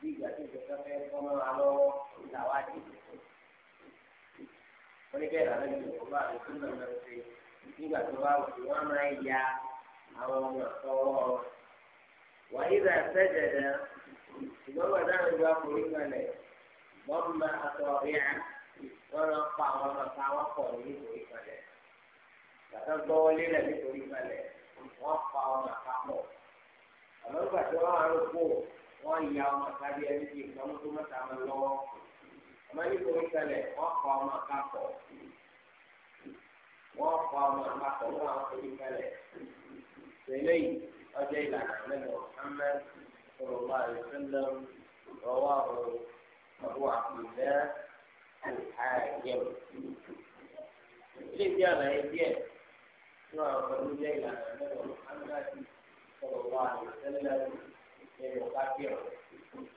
bí ìgbà tí ìjọba fẹ́ kọ́ mọ́ wa lọ́wọ́ ìlà wa dì í. wọ́n ní bẹ́ẹ̀ làwọn ènìyàn wọ́n bá àwọn tó lọ́nà ṣe nígbà tó bá wù wọ́n máa ya àwọn ọmọ àtọwọ́ wọ́n ìgbà sẹ́jẹ̀dẹ̀ ṣùgbọ́n wọ́n dáhùn ìgbà forí kalẹ̀ wọ́n máa àtọ̀ ríà wọ́n lọ pa àwọn ọmọ táwọn pọ̀ ní forí kalẹ̀ bàtà wọ́n ya ọmọ kárí ẹni tí ìtọ́mú tó mọ́ta mọ́ ọmọ yìí kò ṣẹlẹ̀ wọ́n kọ́ ọmọ kápọ̀ wọ́n kọ́ ọmọ kápọ̀ wọ́n àwọn kò ṣẹlẹ̀ tẹ́lẹ̀ yìí ọjọ́ ìlànà mẹ́lẹ̀ Muhammad sọlọ́wọ́ àlùfẹ́lẹ́m rọwọ́ ọ̀rọ̀ ọ̀rọ̀ àpòlẹ́ àyẹ̀wò ilé ìdí àlàyé díẹ̀ fún àwọn ọmọ ìlànà mẹ́lẹ̀ Muhammad sọlọ́wọ́ àlùfẹ́lẹ́m nínú kápẹ́ọ̀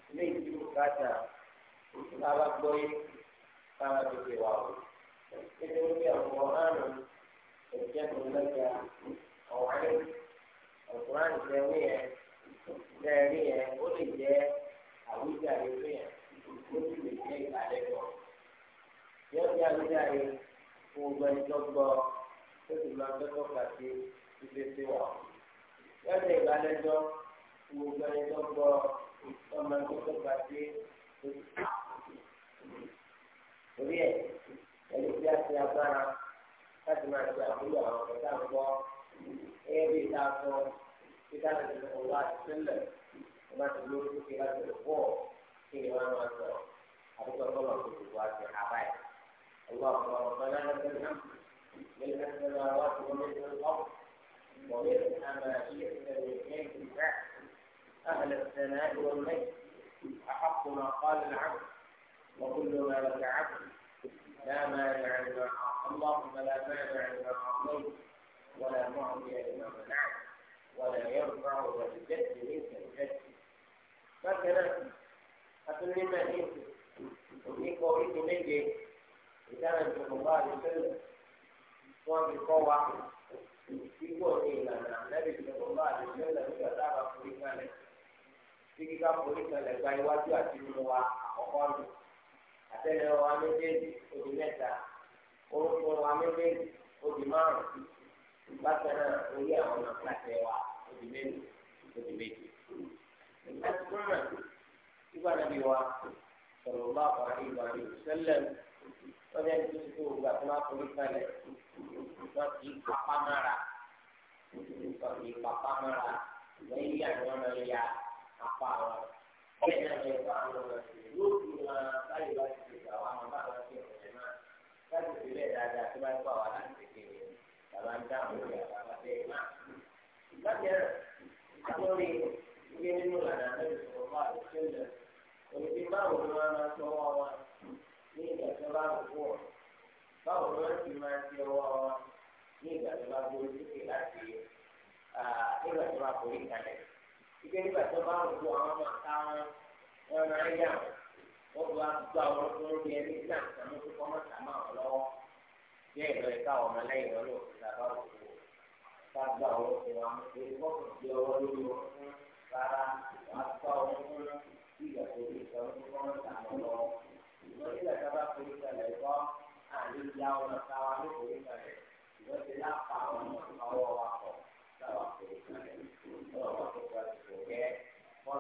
ilé ìdílé kájà ìtara gbọ́ yé kára tètè wà o nítorí pé àwọn ọ̀hánù ẹ̀jẹ̀ tó lọ́jà ọ̀hánù ọ̀kùnrin tẹ̀ wí yẹn tẹ̀ rí yẹn ó lè jẹ́ àwùjáde fún yẹn ó sì lè jẹ́ ìkàlẹ̀ bọ̀ yóò jẹ́ àwùjáde fún gbogbo ẹni ó sì máa tọ́tọ́ kà sí wà o yóò jẹ́ ìbálẹ́jọ́ gbogbo ẹni tó gbọ́ ọmọ ẹgbẹ́ tó gba sí orí orí ẹ pẹ̀lú bí a ti agbára láti máa ṣe àmúlò àwọn ọ̀gá ń gbọ́ ẹgbẹ́ bí ìta sọ títà lè fi ọwọ́ àti sílẹ̀ ẹ má ti lórí tó fi láti lè pọ̀ kí ni wọ́n máa sọ àdúgbò ọlọ́run tó ti wá sí àbáyé ọlọ́run ọ̀gbọ́n أهل الثناء والمجد أحق ما قال العبد وكل ما لك عبد لا مانع لما أعطى اللهم لا مانع لما أعطيت ولا معطي لما منعت ولا يرفع والجد منك الجد مثلا أتمنى لما يمكن وفيك وفيك منك إذا أنت الله عليه وسلم وأنت قوة في كل إيمان النبي صلى الله عليه وسلم إذا تابع في tí kíkà forí kalẹ̀ gba iwájú àti inú wa àkọ́kọ́ nù àtẹlẹ wa méjèèjì obì mẹ́ta orúkọ wa méjèèjì obì márùn bákan náà orí àwọn ọmọ pàṣẹ wa obì mélòó obì méjì. ìgbà tí wọ́n mọ̀ nígbà náà bí wa sọ̀rọ̀ bá wà ní ìgbà yìí sẹ́lẹ̀ wọ́n yẹn tó ti kó tó máa forí kalẹ̀ wọ́n kì í mára wọ́n kì í mára lẹ́yìn àwọn ọmọ ẹ̀yà apá wa bẹ́ẹ̀ náà ní ẹ̀ka àwọn ọmọ ẹ̀sìn yóò fi wọn báyìí wá ti ṣèkà àwọn ọmọ bá wọn ṣe ọ̀rẹ́ náà láti ìpínlẹ̀ dáadáa tó bá ń pa wà láti ṣèké rẹ̀ bàbá ń dáhùn lórí àbábá bẹ́ẹ̀ náà. lábẹ́ àlórí ilé nínú ìlànà àbẹ́rẹ́ ìgbẹ́ nígbà tó bá ń lo àwọn ọmọ àká wọn wọn máa yà wọn wọ́n bá gbọ́ àwọn ọdún ní ẹni ní àtàwọn tó kọ́ mọ́tà máa wọn lọ́wọ́ bẹ́ẹ̀ lọ ẹ̀ka àwọn ọmọlẹ́yìn wọn ló fi sábà wò ó ká gbọ́ àwọn ọdún wọn pé wọ́n kò gbé ọwọ́ lórí wọn fún rárá wọn gbọ́ àwọn fún ìgbà tó lè sọ wọn tó wọn lọ́wọ́ ìgbọ́n nígbà tó bá forí kalẹ̀ kọ́ àlejò àwọn ọmọ ẹni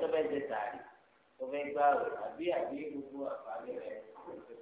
tó fẹ́ ṣe tààrí tó fẹ́ gbá rẹ̀ àbí àbí gbogbo àǹfààní rẹ̀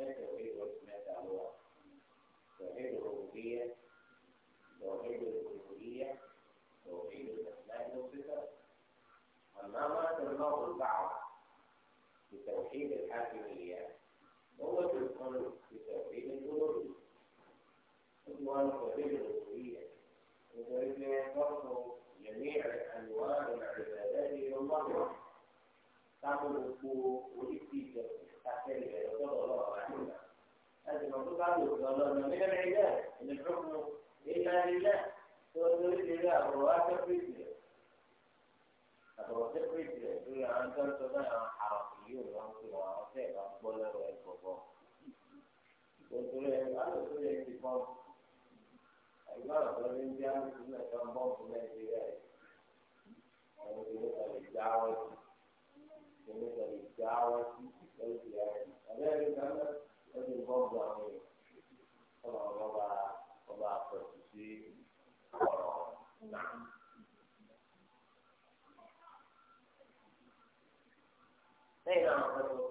من توحيد الأسماء الله توحيد الربوبية توحيد الألوهية توحيد الأسماء والصفات أما ما تنظر البعض بتوحيد الحاكمية هو تنظر بتوحيد الألوهية عنوان توحيد الألوهية وذلك فرض جميع أنواع العبادات إلى الله تعمل وجود تحتاج إلى الله هذه الموضوع قال الله من العباد ان الحكم الا لله وتريد الله الرواة تفريد الرواة تفريد يقول عن ثلاثة سنة حرفيون وانصر وانصر وانصر وانصر قلت له انا قلت له انت بوم عبارة قال انت عامل كلها كان بوم في النهاية بالنسبة للدعوة بالنسبة للدعوة قلت يعني أنا wọ́n bọ́ọ̀bù àwọn èèyàn ọba ọba ọba àpẹẹrẹ sí ọ̀rọ̀ náà. lẹ́yìn náà wọ́n fẹ́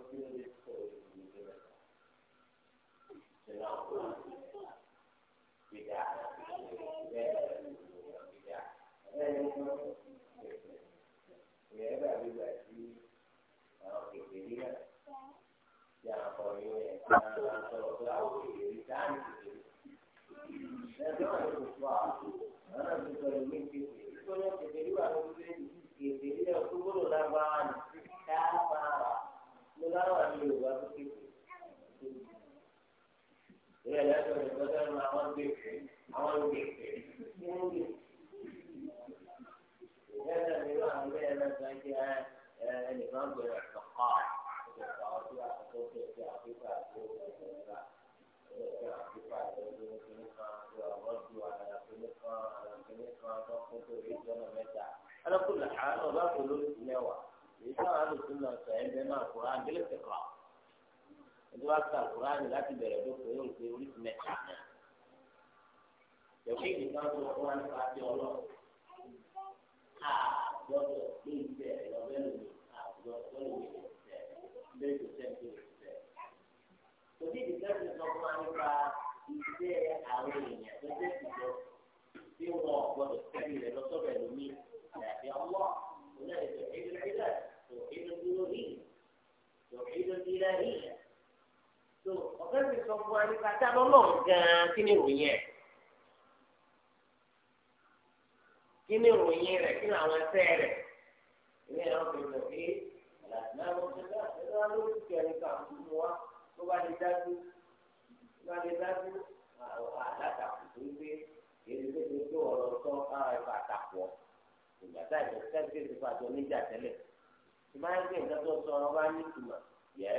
ẹnìkan gbèrò ẹ̀sán kọ́ nítorí ìjọba mẹ́ta alákùnrin àánú ọba kò lóṣù mẹ́wàá èyí táwọn alùpùpù náà sọ ẹ̀ ń bẹ́ẹ̀ máa kóra àgbélé tẹ̀kọ́ ẹni wá ní láti bẹ̀rẹ̀ lópin yóò gbé oríṣi mẹ́ta náà tẹ̀wé ìdíkan tó kọ́ wá nípa ti ọlọ́ àgbọ̀dọ̀ ní ìfẹ́ ha lòdì àgbọ̀dọ̀ Ha ìfẹ́ bẹ́ẹ̀ tó tẹ̀ tó ìfẹ́ tòbí ha tó kọ́ wá nípa ìfẹ́ àwọn èèyàn tó tẹ̀ tí wọn gbọ́dọ̀ tẹ́lẹ̀ rẹ̀ lọ́sọ̀rọ̀ ẹlòmí àyàfi ọlọ́ ọ̀nà ètò ìdí ìdá tó ìdí dúró yìí tó ìdí ìdá yìí tó ọ̀gá ti sọ fún wa nípa tá lọ́lọ́ gan-an kí ni ìròyìn ẹ̀ kí ni ìròyìn rẹ̀ kí ni àwọn ẹsẹ̀ rẹ̀ ilé ẹ̀rọ fi mọ̀ pé làtìláwọ̀ ṣẹlẹ̀ ẹ̀rọ ló ti kẹ́ ẹ̀rí kà fún wa tó bá lè dájú tó bá lè dájú àlàkà èyí tó ti tó ọ̀rọ̀ sọ káwọn ẹ̀fà àtàpọ̀ ìgbà tá ìjọ kẹ́kẹ́ ti fàjọ níjà tẹ́lẹ̀ tí gbé nǹkan tó sọ ọ ní ìtumọ̀ yẹ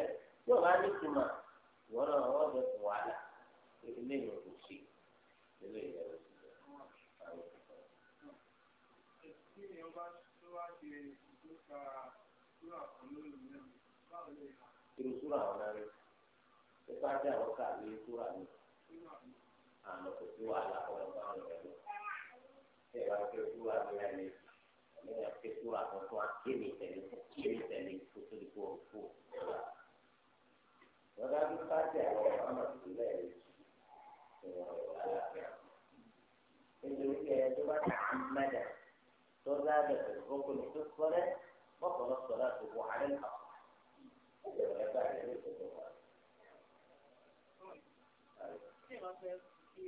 tí ní náà fún kò àmọ́ kò sí wàhálà kọ́nà báwọn ọ̀rẹ́ lọ. ṣé ìwà kéwù àgbẹ̀rẹ̀ mi ọ̀nà ìwà kéwù àkọ́kọ́ akéwì tẹ̀lé kéwì tẹ̀lé kó tó di kó o kó ìwà. lọ́dà bí pàṣẹ àwọn ọ̀rọ̀ àmọ̀ tó lẹ́ẹ̀ ìwọ̀n ìwà àlàáfíà. nítorí pé ẹni tó bá ti ti mẹ́jà tó dáadọ̀ pẹ̀lú ọkùnrin tó sọ́lẹ̀ mọ́kànlá sọ̀rọ̀ àtòkò àlẹ́ nà Thank you.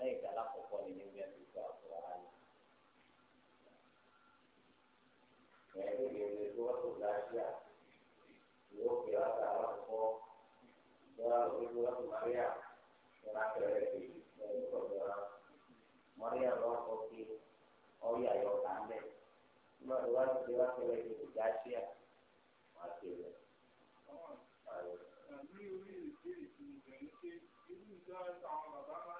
lẹ́yìn tí alákọ̀ọ́kọ́ ni ní wíwá ti sọ àkùrọ̀ ayé. Ẹ̀rí ìrìn tó wọ́n tó gbàgbé à yóò fi láti alákọ̀ọ́kọ́ lọ́wọ́ lórí wọ́n tó Maria lọ́wọ́ akẹ́rẹ́ ti lẹ́yìn tó lọ́wọ́. Maria lọ́wọ́ kọ́ pé ọ̀rí àyọ̀ kà ń bẹ̀. Nígbà tó wá ti wá kẹ́rẹ́ ti gbàgbé à wọ́n á kéré. Àwọn àgbẹ̀ orí ìbéèrè ti mú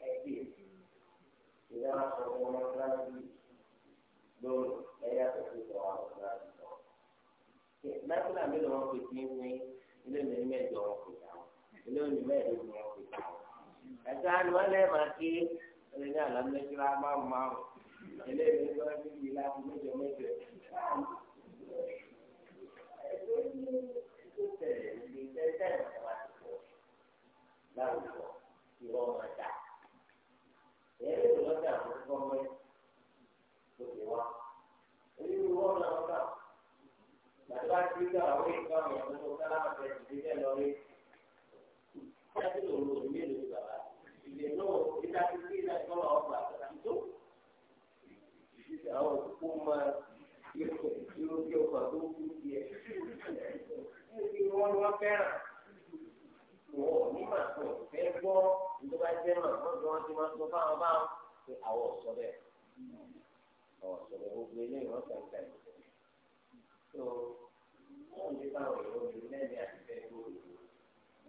wọn fi pín fún yín ilé mi ní mẹ́jọ wọn fi gbà wọn ilé mi mẹ́jọ wọn fi gbà wọn. ẹ̀ka ni wọ́n lẹ́ẹ̀ máa ké ẹni ní àlámẹ́síra máa ń máa wọn ilé mi ní wọ́n fi yí láti mẹ́jọ mẹ́jọ. láwùjọ kí wọ́n máa dà ẹ̀rí ìlọ́dà àkọ́kọ́ mọ́ òkè wa onírúurú ọ̀nà ọ̀gá gbàdúrà sí ká àwọn èèyàn. láti lò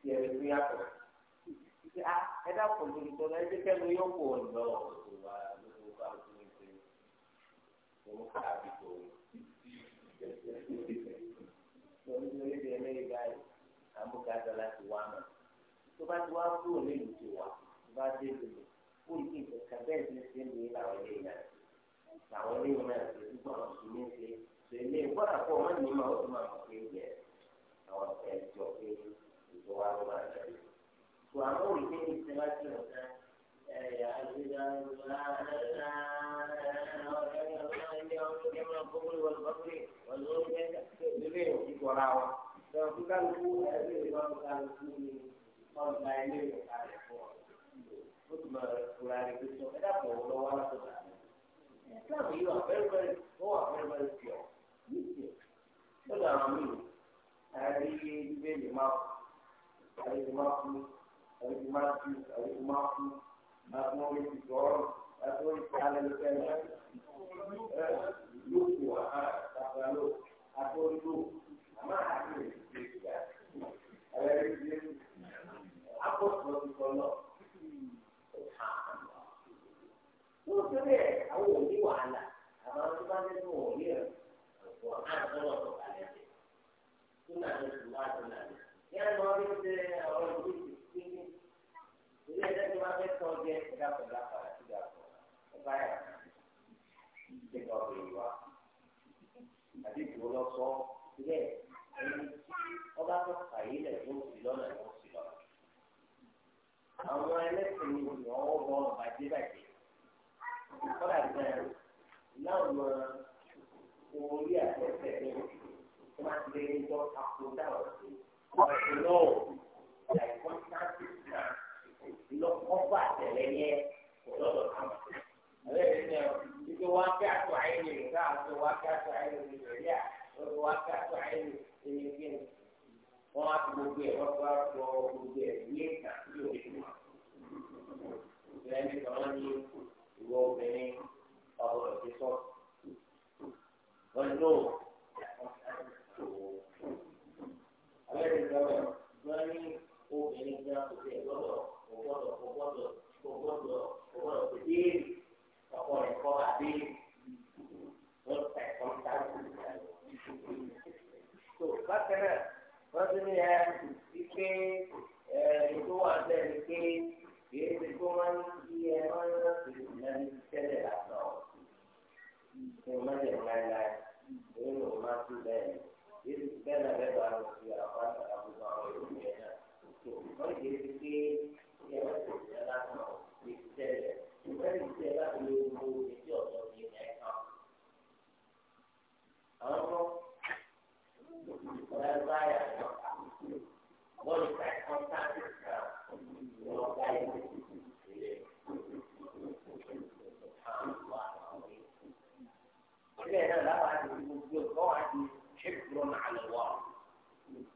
ti ẹni tó yàtọ̀ ẹ dàpọ̀ lórí tó náà ẹ jẹ́ kẹ́mi yóò wò ó lọ́wọ́ tó wà lóko bá tó ń ṣe òun kà á bí tó lórí lórí di ẹlẹ́yìn báyìí àmúkàtà láti wá mọ̀ tó bá ti wá kúrò nílùú ti wà tó bá dé lòlò ó yí ìkẹ̀kẹ́ bẹ́ẹ̀ ti ṣe ń lè làwọn ilé náà làwọn ilé náà ti dúpọ̀ àwọn ìṣúná ṣe ṣe ilé ìfọ́nàfọ́ wọn ni mà ó ti máa mọ̀ pé yẹ àwọn ẹ̀jọ̀ pé tó wá ló máa jẹ tó àwọn olùkọ́ni ti wá sí ọ̀gá ẹ̀yà àgbéga ńlá ńlá ọ̀gá ńlá ilé ọ̀gá ńlá gbọ́gbọ́n wọn gbọ́gbọ́n wọn ló ń bẹ́ẹ̀ lélẹ̀ ìkọ̀ra wa lọ́wọ́ fún kálukú ẹ̀rí ìwà kálukú ni ọ̀gá ilé ìkọ̀ra rẹ̀ fún ọ ó ti máa kura rẹ̀ pé sọ ẹ dàpọ̀ lọ́wọ́ alákòóso àná Islam yìí wà fẹ́rẹ́ fẹ́rẹ́ ó wà fẹ́rẹ́ fẹ́rẹ́ tiọ̀ ní tiọ̀ lọ́dọ̀ àwọn míì àárí bíbélì máa kù àlejò máa kú àlejò máa kú àlejò máa kú láti wọn lè fi sọ̀rọ̀ láti wọn lè fi alẹ́ lọ sẹ́yìn ẹ ló kù àhà tàbí àlọ́ àtọ́jú àmọ́ àti rẹ̀ ti ṣe ìgbà ẹ̀rẹ́ rẹ̀ ti ṣe àkọsọ̀ ti sọ lọ. Wọ́n ti bẹ́ẹ̀ àwọn òní wàhálà àmọ́ tó bá nínú òní rẹ̀ ọ̀pọ̀ àtọ́wọ̀ tó kalẹ̀ sí. Tó náà ló ti náà lọ yẹn lọ rí ṣe ọ̀rọ̀ ìlú ìdílé ilé ẹ̀jẹ̀ tí wọ́n fẹ́ tọ́ jẹ́ ẹ̀dá pẹ̀lú àpàlà sí ìdàpọ̀ ọba yà ṣe lọ rí wa àti ìdúró lọ sọ ilé ẹni ọba tó kàyé lẹ̀ tó ń sì lọ́nà tó ń sì lọ́nà. àwọn ẹlẹ́sìn ni wọ́n wọ́n bàjẹ́ bàjẹ́ kọ́lá gan-an láwọn orí àtẹ̀tẹ̀ ní wọ́n ti lé ní tọ́ àpò dáhùn sí. But you know, like one practice now, you know, one part of it, yeah, for a lot of time. Listen, you can walk out to any house, you can walk out to any yeah, alẹ́rìndínlọ́wọ́ wọ́n ní obìnrin gan kò tẹ̀ gbọ́dọ̀ kò gbọ́dọ̀ kò gbọ́dọ̀ kò gbọ́dọ̀ kò gbọ́dọ̀ kò dé ọkọ rẹ̀ kọ́ àbí wọ́n ta ẹ̀kọ́ ta tó bákan náà wọ́n ti ní ẹ ike ẹ ètò wà bẹ́ẹ̀ ni pé kì í ṣe tó máa ń yí ẹ máa ń rántí ìlànà ìṣẹ̀lẹ̀ àtọ̀ ìṣẹ̀lẹ̀ máa ń yẹ̀ láéláé nínú máa ń tún bẹ́ẹ̀ ni. Jadi kita ṣèkúrọ̀ náà lọ wà. Nígbà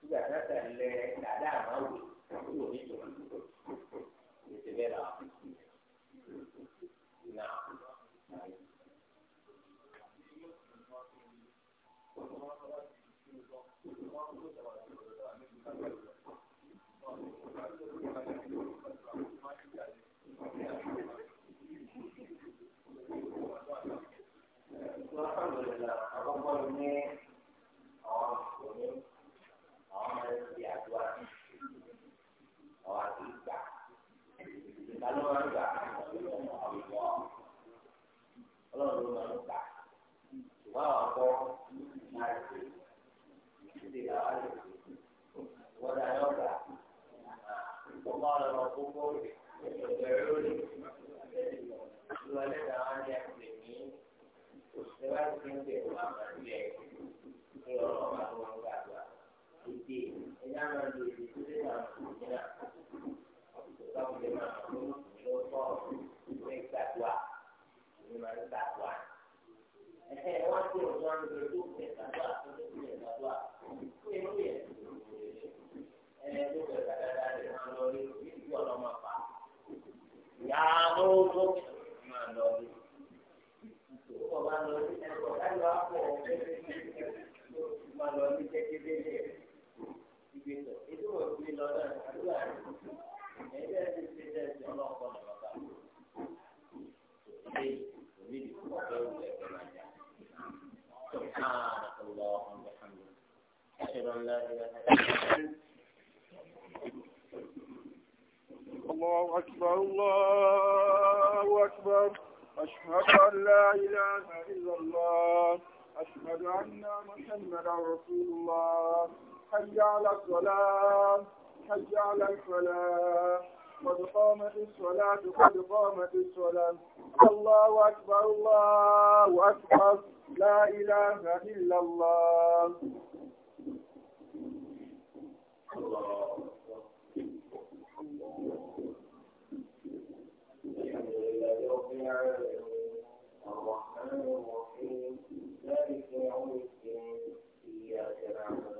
tí wọ́n tẹ̀lé dàda àwọn àwò tí wọ́n ní tòun. Ètò bẹ́ẹ̀ lọ. Náà. Gracias. ló káwọn máa ló ló tọ́ ìwé ìgbàdúrà ìwé máa ń gbàdúrà. Ẹ̀hẹ́ wọ́n ti rò wọ́n lè tó ìwé ìgbàdúrà tó lè ìwé ìgbàdúrà fún inú yẹn. Ẹ̀ẹ́ tó bẹ̀rẹ̀ dáadáa lè máa lọ rí ìdí ọ̀nà máa fà. Yàrá ló máa lọ rí. Ìjọba máa lọ rí ẹ̀kọ́ káyọ̀ àpò ọ̀gbẹ́ máa lọ rí kékeré lẹ̀. سبحانك اللهم وبحمدك أشهد أن لا إله إلا أنت الله أكبر الله أكبر أشهد أن لا إله إلا الله أشهد أن محمدا رسول الله حي على الصلاة الحج على الفلاح قد قامت الصلاة قد قامت الصلاة الله أكبر الله أكبر لا إله إلا الله الرحمن الرحيم مالك يوم الدين إياك نعبد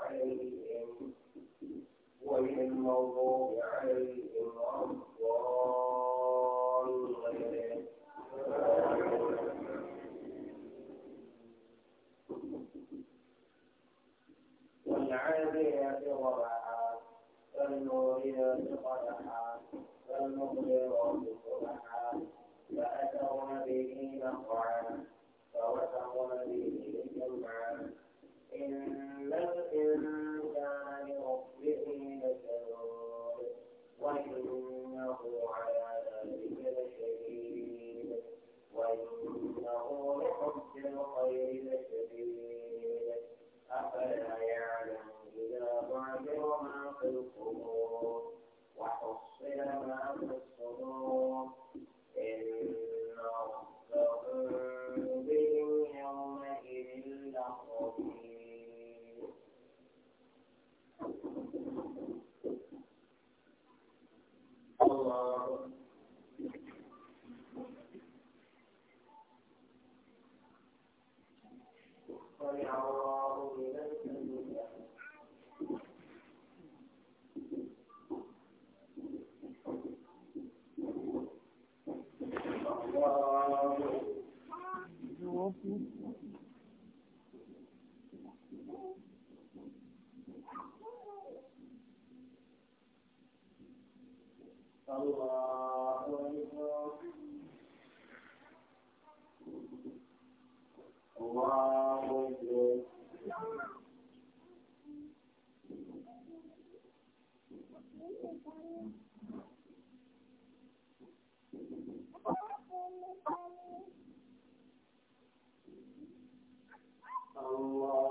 Allah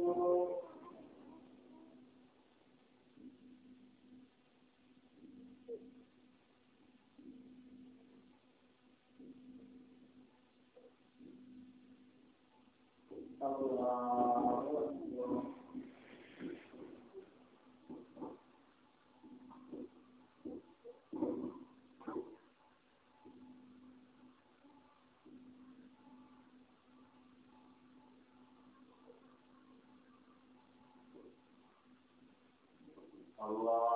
Allah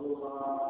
الله